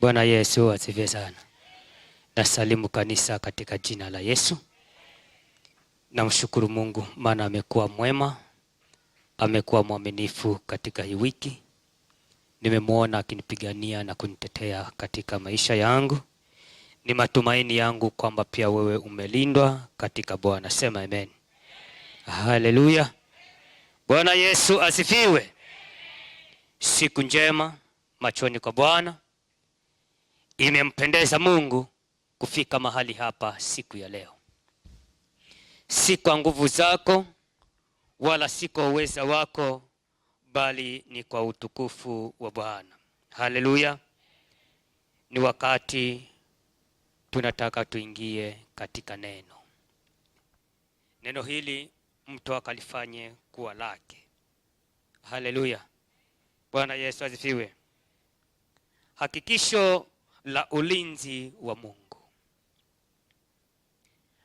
Bwana Yesu asifiwe sana. Nasalimu kanisa katika jina la Yesu. Namshukuru Mungu maana amekuwa mwema, amekuwa mwaminifu katika hii wiki. Nimemwona akinipigania na kunitetea katika maisha yangu. Ni matumaini yangu kwamba pia wewe umelindwa katika Bwana. Sema amen. Haleluya. Bwana Yesu asifiwe. Siku njema machoni kwa Bwana. Imempendeza Mungu kufika mahali hapa siku ya leo, si kwa nguvu zako wala si kwa uweza wako, bali ni kwa utukufu wa Bwana. Haleluya! Ni wakati tunataka tuingie katika neno. Neno hili mtu akalifanye kuwa lake. Haleluya! Bwana Yesu asifiwe. Hakikisho la ulinzi wa Mungu,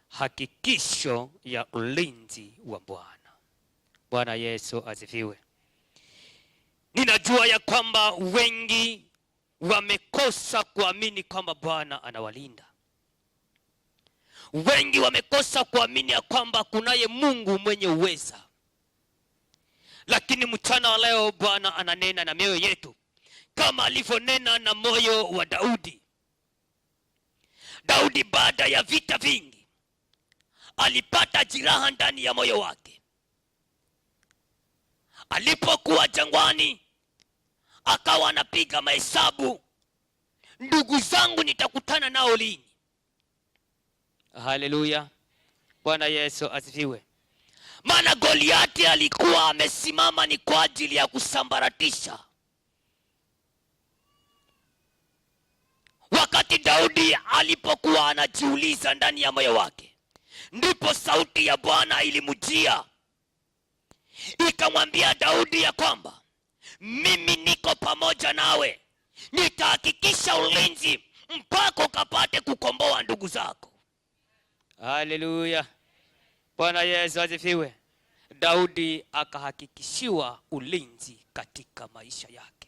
hakikisho ya ulinzi wa Bwana. Bwana Yesu asifiwe. Ninajua ya kwamba wengi wamekosa kuamini kwamba Bwana anawalinda. Wengi wamekosa kuamini ya kwamba kunaye Mungu mwenye uweza. Lakini mchana wa leo Bwana ananena na mioyo yetu kama alivyonena na moyo wa Daudi Daudi baada ya vita vingi alipata jiraha ndani ya moyo wake. Alipokuwa jangwani, akawa anapiga mahesabu, ndugu zangu nitakutana nao lini? Haleluya, Bwana Yesu asifiwe. Maana Goliati alikuwa amesimama ni kwa ajili ya kusambaratisha wakati Daudi alipokuwa anajiuliza ndani ya moyo wake, ndipo sauti ya Bwana ilimjia ikamwambia Daudi ya kwamba mimi niko pamoja nawe, nitahakikisha ulinzi mpaka ukapate kukomboa ndugu zako. Haleluya, Bwana Yesu asifiwe. Daudi akahakikishiwa ulinzi katika maisha yake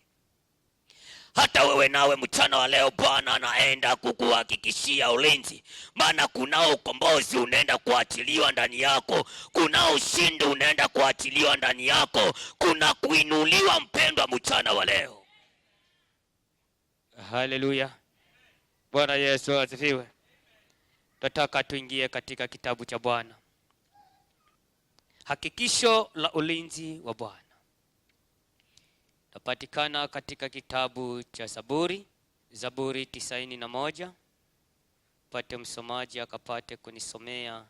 hata wewe nawe mchana wa leo Bwana anaenda kukuhakikishia ulinzi, maana kunao ukombozi unaenda kuachiliwa ndani yako, kunao ushindi unaenda kuachiliwa ndani yako, kuna kuinuliwa, mpendwa, mchana wa leo. Haleluya, Bwana Yesu asifiwe. Tunataka tuingie katika kitabu cha Bwana, hakikisho la ulinzi wa Bwana. Tapatikana katika kitabu cha Zaburi, Zaburi tisaini na moja. Pate msomaji akapate kunisomea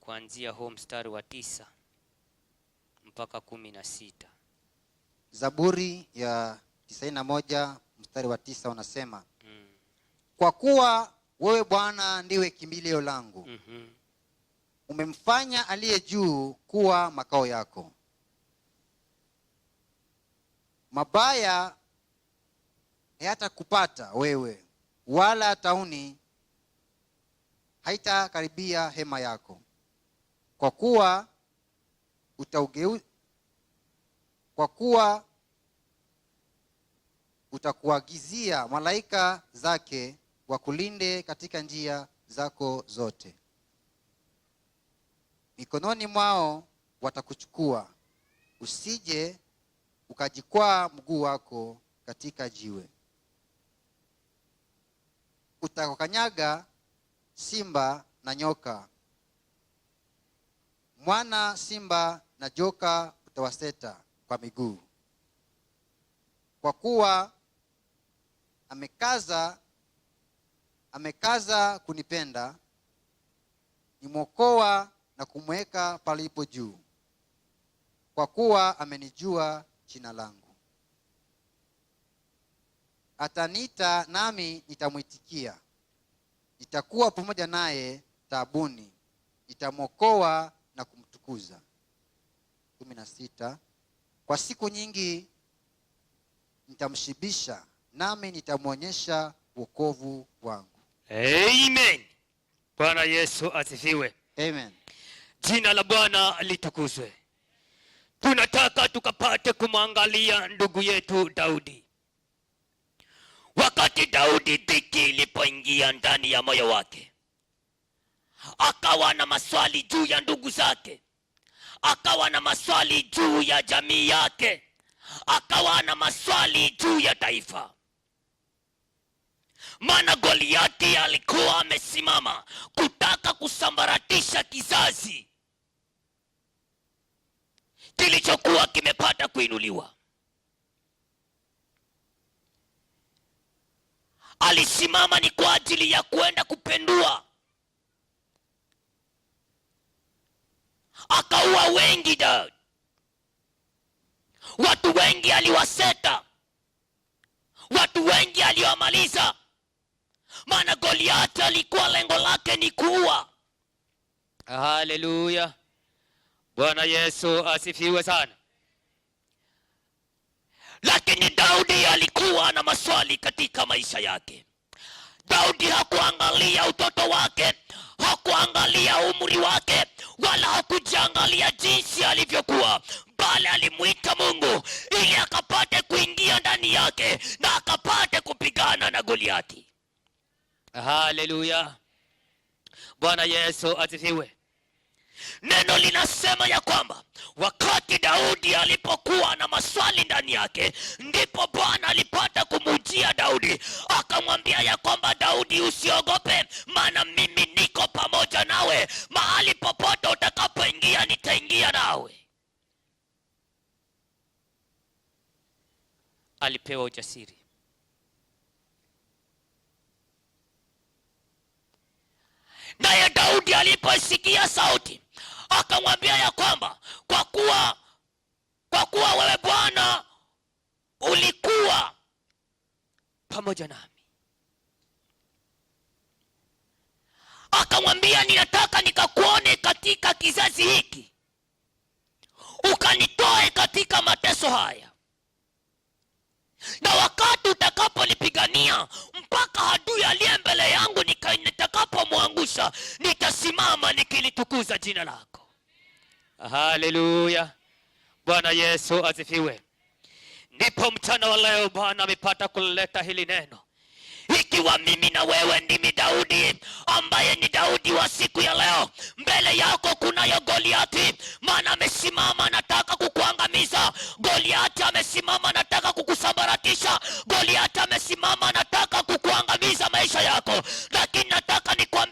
kuanzia huo mstari wa tisa mpaka kumi na sita. Zaburi ya tisaini na moja mstari wa tisa unasema mm. Kwa kuwa wewe Bwana ndiwe kimbilio langu mm -hmm. Umemfanya aliye juu kuwa makao yako mabaya hayatakupata wewe, wala tauni haitakaribia hema yako, kwa kuwa utaugeu, kwa kuwa utakuagizia malaika zake wakulinde katika njia zako zote, mikononi mwao watakuchukua usije ukajikwaa mguu wako katika jiwe, utakokanyaga simba na nyoka, mwana simba na joka utawaseta kwa miguu, kwa kuwa amekaza amekaza kunipenda, nimwokoa na kumweka palipo juu, kwa kuwa amenijua jina langu, ataniita nami nitamwitikia, nitakuwa pamoja naye taabuni, nitamwokoa na kumtukuza. kumi na sita kwa siku nyingi nitamshibisha, nami nitamwonyesha wokovu wangu. Amen. Bwana Yesu asifiwe. Amen. Jina la Bwana litukuzwe tunataka tukapate kumwangalia ndugu yetu Daudi. Wakati Daudi dhiki ilipoingia ndani ya moyo wake, akawa na maswali juu ya ndugu zake, akawa na maswali juu ya jamii yake, akawa na maswali juu ya taifa maana Goliati alikuwa amesimama kutaka kusambaratisha kizazi kilichokuwa kimepata kuinuliwa. Alisimama ni kwa ajili ya kwenda kupendua, akaua wengi. da watu wengi aliwaseta, watu wengi aliwamaliza, maana Goliati alikuwa lengo lake ni kuua. Haleluya! Bwana Yesu asifiwe sana. Lakini Daudi alikuwa na maswali katika maisha yake. Daudi hakuangalia utoto wake, hakuangalia umri wake, wala hakujiangalia jinsi alivyokuwa, bali alimwita Mungu ili akapate kuingia ndani yake na akapate kupigana na Goliati. Haleluya, Bwana Yesu asifiwe. Neno linasema ya kwamba wakati Daudi alipokuwa na maswali ndani yake, ndipo Bwana alipata kumujia Daudi akamwambia ya kwamba Daudi, usiogope, maana mimi niko pamoja nawe, mahali popote utakapoingia nitaingia nawe. Alipewa ujasiri. Naye Daudi alipoisikia sauti akamwambia ya kwamba kwa kuwa kwa kuwa wewe Bwana ulikuwa pamoja nami. Akamwambia, ninataka nikakuone katika kizazi hiki, ukanitoe katika mateso haya, na wakati utakaponipigania mpaka hadui aliye mbele yangu nitakapomwangusha, nitasimama nikilitukuza jina lako. Haleluya, Bwana Yesu azifiwe Ndipo mchana wa leo Bwana amepata kuleta hili neno, ikiwa mimi na wewe ndimi Daudi ambaye ni Daudi wa siku ya leo, mbele yako kunayo Goliati, maana amesimama anataka kukuangamiza. Goliati amesimama anataka kukusambaratisha. Goliati amesimama anataka kukuangamiza maisha yako, lakini nataka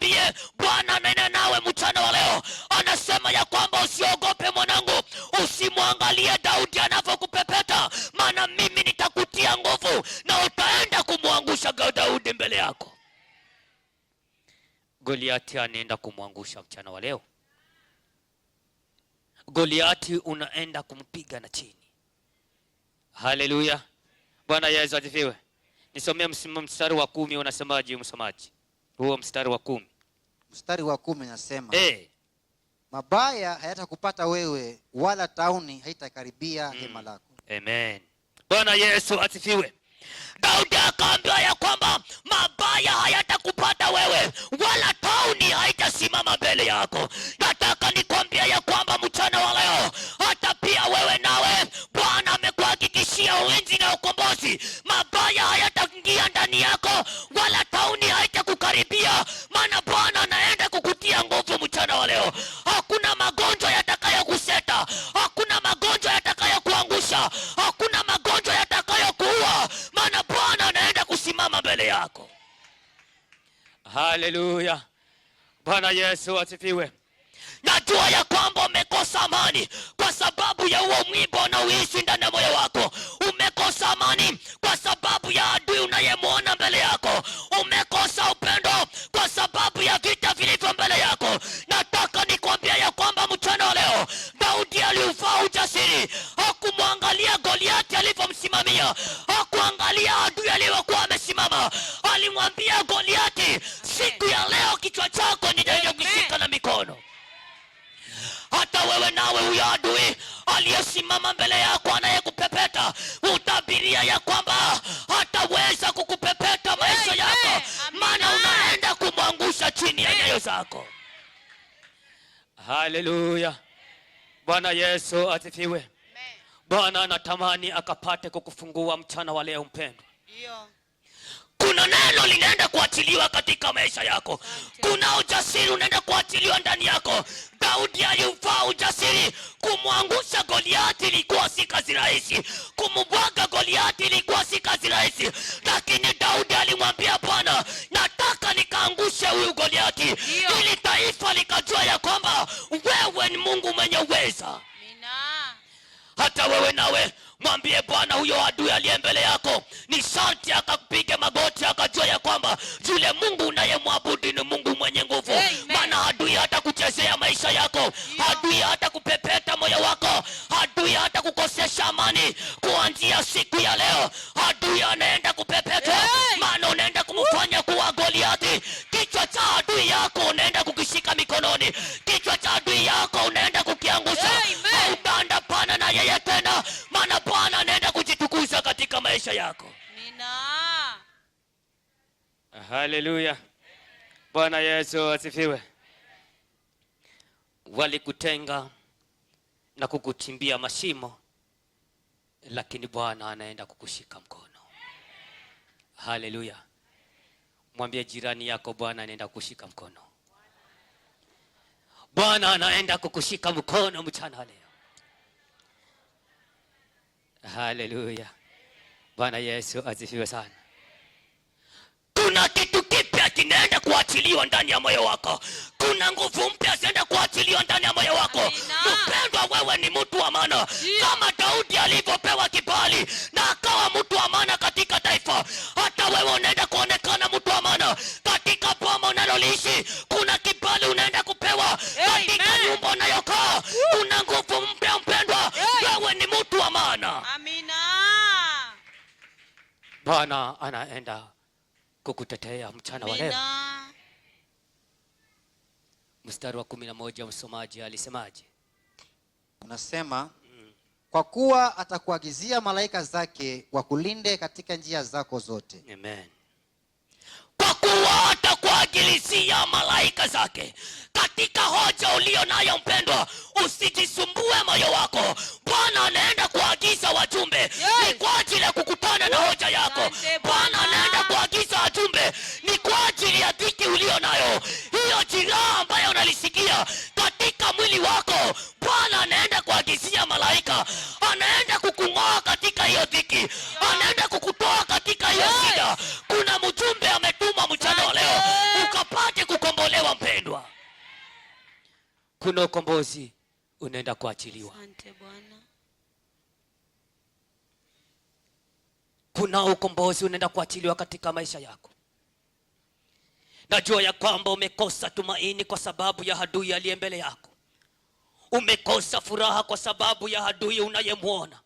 mwambie Bwana nene nawe mchana wa leo, anasema ya kwamba usiogope mwanangu, usimwangalie Daudi anavyokupepeta, maana mimi nitakutia nguvu na utaenda kumwangusha Daudi mbele yako. Goliati anaenda kumwangusha mchana wa leo. Goliati unaenda kumpiga na chini. Haleluya, Bwana Yesu asifiwe. Nisomee mstari wa kumi, unasemaje msomaji? Huo mstari wa kumi mstari wa kumi nasema hey, eh. mabaya hayatakupata wewe wala tauni haitakaribia mm, hema lako. Amen. Bwana Yesu asifiwe. Daudi akaambiwa ya kwamba mabaya hayatakupata wewe wala tauni haitasimama mbele yako. Yesu asifiwe. Najua ya kwamba umekosa amani kwa sababu ya huo mwiba unaoishi ndani ya moyo wako. Umekosa amani kwa sababu ya adui unayemwona mbele yako. Umekosa Bwana Yesu asifiwe. Amen. Bwana anatamani akapate kukufungua mchana wa leo mpendwa. Ndio. Kuna neno linaenda kuachiliwa katika maisha yako. Kuna ujasiri unaenda kuachiliwa ndani yako. Daudi aliufaa ujasiri kumwangusha Goliati, ilikuwa si kazi rahisi. Kumbwaga Goliati ilikuwa si kazi rahisi, lakini Daudi alimwa likaangushe huyu Goliati, ili taifa likajua ya kwamba wewe ni Mungu mwenye uweza. Hata wewe nawe mwambie Bwana huyo adui aliye mbele yako, ni sharti akapiga magoti, akajua ya kwamba yule Mungu unayemwabudu ni Mungu mwenye nguvu. Maana adui hata kuchezea maisha yako, adui hata kupepeta moyo wako, adui hata kukosesha amani. Kuanzia siku ya leo adui anaenda mbinguni, kichwa cha adui yako unaenda kukiangusha utaenda pana na yeye tena, maana Bwana anaenda kujitukuza katika maisha yako. Haleluya, Bwana Yesu asifiwe. Walikutenga na kukuchimbia mashimo, lakini Bwana anaenda kukushika mkono. Haleluya, mwambie jirani yako, Bwana anaenda kukushika mkono. Bwana anaenda kukushika mkono mchana leo. Haleluya, Bwana Yesu azifiwe sana. Kuna kitu kipya kinaenda kuachiliwa ndani ya moyo wako. Kuna nguvu mpya zinaenda kuachiliwa ndani ya moyo wako. Mpendwa, wewe ni mtu wa maana kama Daudi alivyopewa kibali na akawa mtu wa maana katika taifa, hata wewe unaenda kuonekana mtu wa maana katika boma unalolishi kuna kibali unaenda kupewa katika nyumba unayokaa. Kuna nguvu mpya, mpendwa, wewe ni mtu wa maana. Amina. Bwana anaenda kukutetea mchana wa leo. Mstari wa kumi na moja msomaji alisemaje? Unasema mm. Kwa kuwa atakuagizia malaika zake wakulinde katika njia zako zote. Amen kwa si atakuagilizia malaika zake katika hoja ulio nayo mpendwa usijisumbue moyo wako bwana anaenda kuagiza wajumbe ni kwa ajili ya kukutana na hoja yako bwana anaenda kuagiza wajumbe ni kwa ajili ya dhiki ulio nayo hiyo jiraha ambayo unalisikia katika mwili wako una ukombozi unaenda kuachiliwa. Asante Bwana. Kuna ukombozi unaenda kuachiliwa katika maisha yako. Najua ya kwamba umekosa tumaini kwa sababu ya adui aliye mbele yako. Umekosa furaha kwa sababu ya adui unayemwona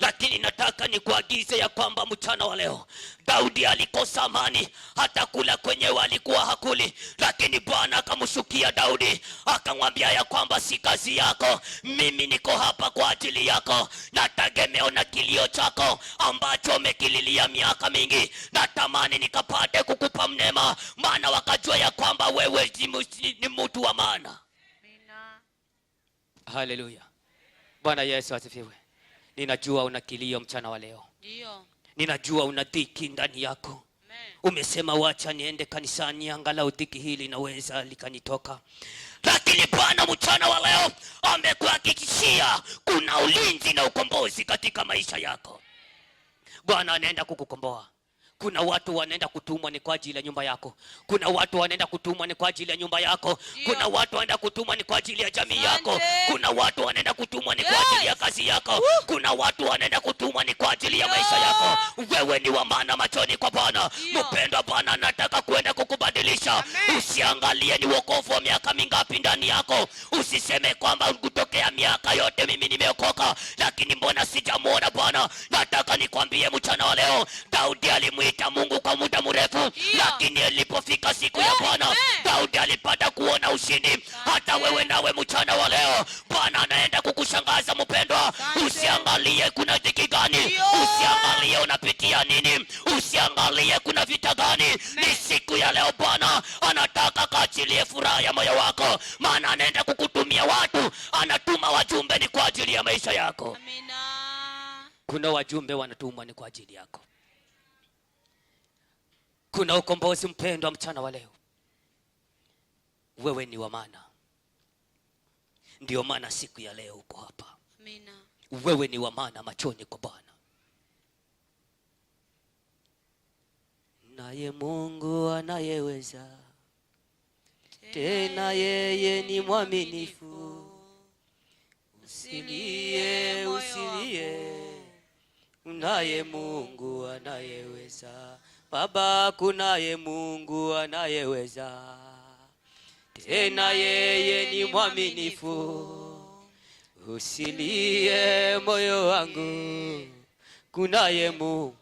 lakini nataka nikuagize ya kwamba mchana wa leo Daudi alikosa amani, hata kula kwenyewe alikuwa hakuli, lakini Bwana akamshukia Daudi akamwambia ya kwamba si kazi yako, mimi niko hapa kwa ajili yako, natagemeo na kilio chako ambacho umekililia miaka mingi, natamani nikapate kukupa mnema, maana wakajua ya kwamba wewe ni mtu wa maana. Haleluya! Bwana Yesu asifiwe. Ninajua una kilio mchana wa leo. Ndio. Ninajua una dhiki ndani yako. Umesema wacha niende kanisani, angalau dhiki hili linaweza likanitoka. Lakini Bwana mchana wa leo amekuhakikishia kuna ulinzi na ukombozi katika maisha yako. Bwana anaenda kukukomboa. Kuna watu wanaenda kutumwa ni kwa ajili ya nyumba yako. Kuna watu wanaenda kutumwa ni kwa ajili ya nyumba yako. Kuna watu wanaenda kutumwa ni kwa ajili ya jamii yako. Kuna watu wanaenda kutumwa ni kwa ajili ya kazi yako. Kuna watu wanaenda kutumwa ni kwa ajili ya maisha yako. Wewe ni wa maana machoni kwa Bwana. Mpendwa, Bwana anataka kwenda kukubadilisha. Usiangalie ni wokovu wa miaka mingapi ndani yako. Usiseme kwamba kutokea miaka yote mimi nimeokoka, lakini mbona sijamwona Bwana? Nataka nikwambie mchana wa leo, Daudi alimwi kumwita Mungu kwa muda mrefu, lakini ilipofika siku ya eh, Bwana eh. Daudi alipata kuona ushindi. Hata wewe nawe mchana wa leo Bwana anaenda kukushangaza mpendwa. Usiangalie kuna dhiki gani, usiangalie unapitia nini, usiangalie kuna vita gani. Ni siku ya leo Bwana anataka kaachilie furaha ya moyo wako, maana anaenda kukutumia watu, anatuma wajumbe ni kwa ajili ya maisha yako. Amina. Kuna wajumbe wanatumwa ni kwa ajili yako. Kuna ukombozi mpendwa, mchana wa leo wewe ni wa maana, ndiyo maana siku ya leo uko hapa. Amina. Wewe ni wa maana machoni kwa Bwana, naye Mungu anayeweza tena, yeye ni mwaminifu. Usilie, usilie, unaye Mungu anayeweza Baba, kunaye Mungu anayeweza, tena yeye ni mwaminifu. Usilie moyo wangu, kunaye Mungu.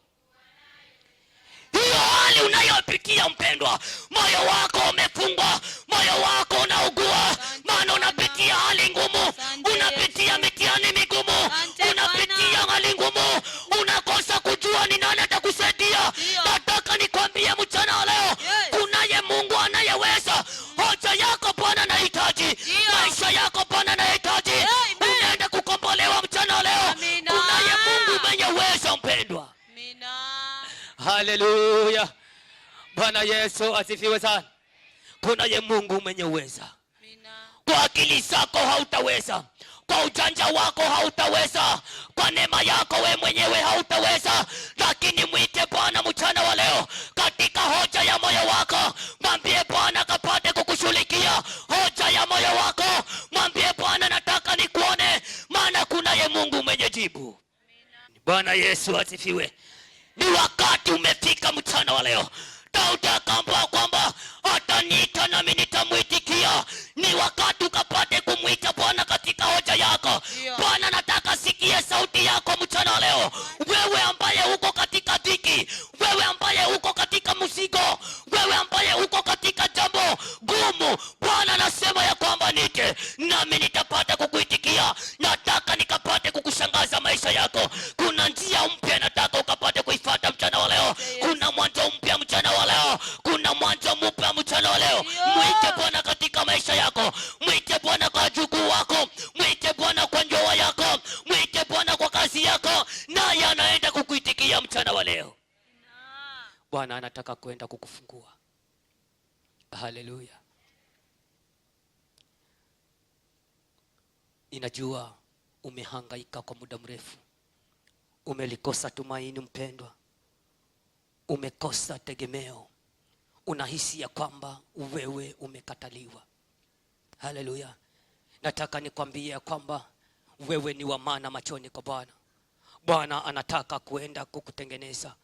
Hiyo hali unayopitia mpendwa, moyo wako umefungwa, moyo wako unaugua, maana unapitia hali ngumu, unapitia Yesu asifiwe sana. Tunaye Mungu mwenye uweza. Kwa akili zako hautaweza, kwa ujanja wako hautaweza, kwa neema yako we mwenyewe hautaweza, lakini mwite Bwana mchana wa leo katika hoja ya moyo wako, mwambie Bwana kapate kukushughulikia hoja ya moyo wako, mwambie Bwana nataka nikuone, maana kunaye Mungu mwenye jibu. Bwana Yesu asifiwe. Ni wakati umefika mchana wa leo hautakomboka. nataka kwenda kukufungua haleluya inajua umehangaika kwa muda mrefu umelikosa tumaini mpendwa umekosa tegemeo unahisi ya kwamba wewe umekataliwa haleluya nataka nikwambie ya kwamba wewe ni wa maana machoni kwa bwana bwana anataka kuenda kukutengeneza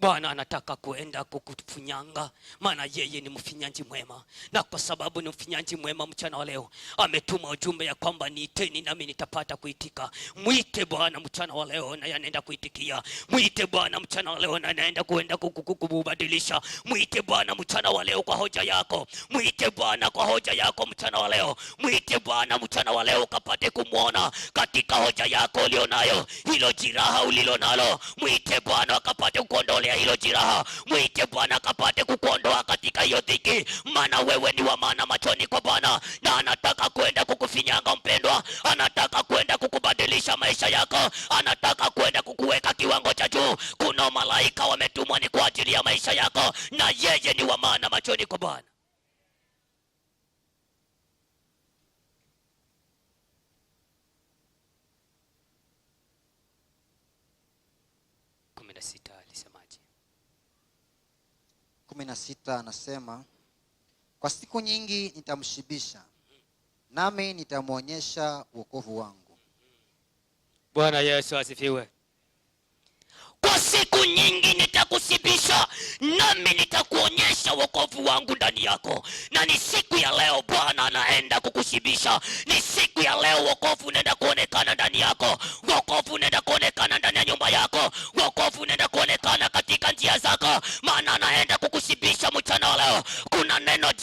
Bwana anataka kuenda kukufunyanga, maana yeye ni mfinyanji mwema, na kwa sababu ni mfinyanji mwema, mchana wa leo ametuma ujumbe ya kwamba niiteni nami nitapata kuitika. Mwite Bwana mchana wa leo na yanaenda kuitikia. Mwite Bwana mchana wa leo na anaenda kuenda kukubadilisha. Mwite Bwana mchana wa leo kwa hoja yako, mwite Bwana kwa hoja yako mchana wa leo, mwite Bwana mchana wa leo ukapate kumwona katika hoja yako ulionayo, hilo jiraha ulilonalo, mwite Bwana akapate kuondolea ya hilo jiraha, mwite Bwana kapate kukuondoa katika hiyo dhiki, maana wewe ni wa maana machoni kwa Bwana, na anataka kwenda kukufinyanga mpendwa, anataka kwenda kukubadilisha maisha yako, anataka kwenda kukuweka kiwango cha juu. Kuna malaika wametumwa ni kwa ajili ya maisha yako, na yeye ni wa maana machoni kwa Bwana. na sita anasema kwa siku nyingi nitamshibisha, nami nitamwonyesha wokovu wangu. Bwana Yesu asifiwe. Kwa siku nyingi nitakushibisha, nami nitakuonyesha wokovu wangu ndani yako. Na ni siku ya leo Bwana anaenda kukushibisha, ni siku ya leo wokovu unaenda kuonekana ndani yako, wokovu unaenda kuonekana ndani ya nyumba yako, wokovu unaenda kuonekana katika njia zako, maana anaenda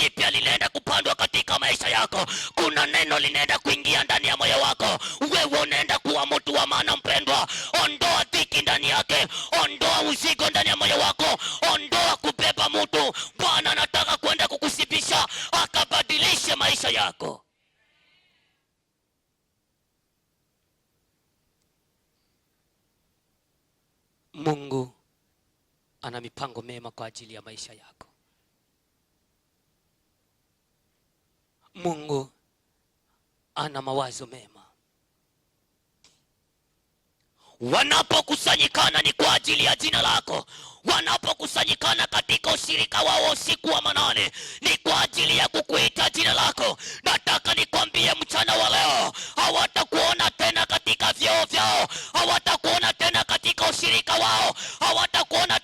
jipya linaenda kupandwa katika maisha yako. Kuna neno linaenda kuingia ndani ya moyo wako, wewe unaenda kuwa mtu wa maana. Mpendwa, ondoa dhiki ndani yake, ondoa uzigo ndani ya moyo wako, ondoa kubeba mtu. Bwana anataka kuenda kukusibisha, akabadilishe maisha yako. Mungu ana mipango mema kwa ajili ya maisha yako. Mungu ana mawazo mema. Wanapokusanyikana ni kwa ajili ya jina lako. Wanapokusanyikana katika ushirika wao usiku wa manane ni kwa ajili ya kukuita jina lako. Nataka nikwambie mchana wa leo, hawatakuona tena katika vyoo vyao, hawatakuona tena katika ushirika wao, hawatakuona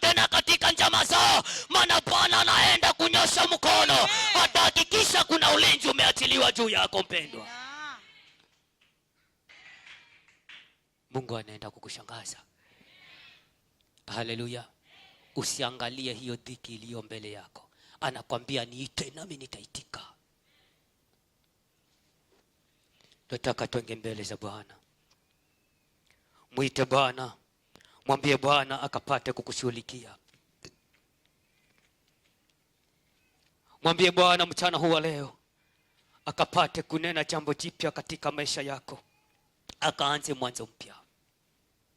juu yako mpendwa. Mungu anaenda kukushangaza. Haleluya! Usiangalie hiyo dhiki iliyo mbele yako, anakwambia niite nami nitaitika. Nataka twenge mbele za Bwana, mwite Bwana, mwambie Bwana akapate kukushughulikia. Mwambie Bwana mchana wa leo akapate kunena jambo jipya katika maisha yako, akaanze mwanzo mpya.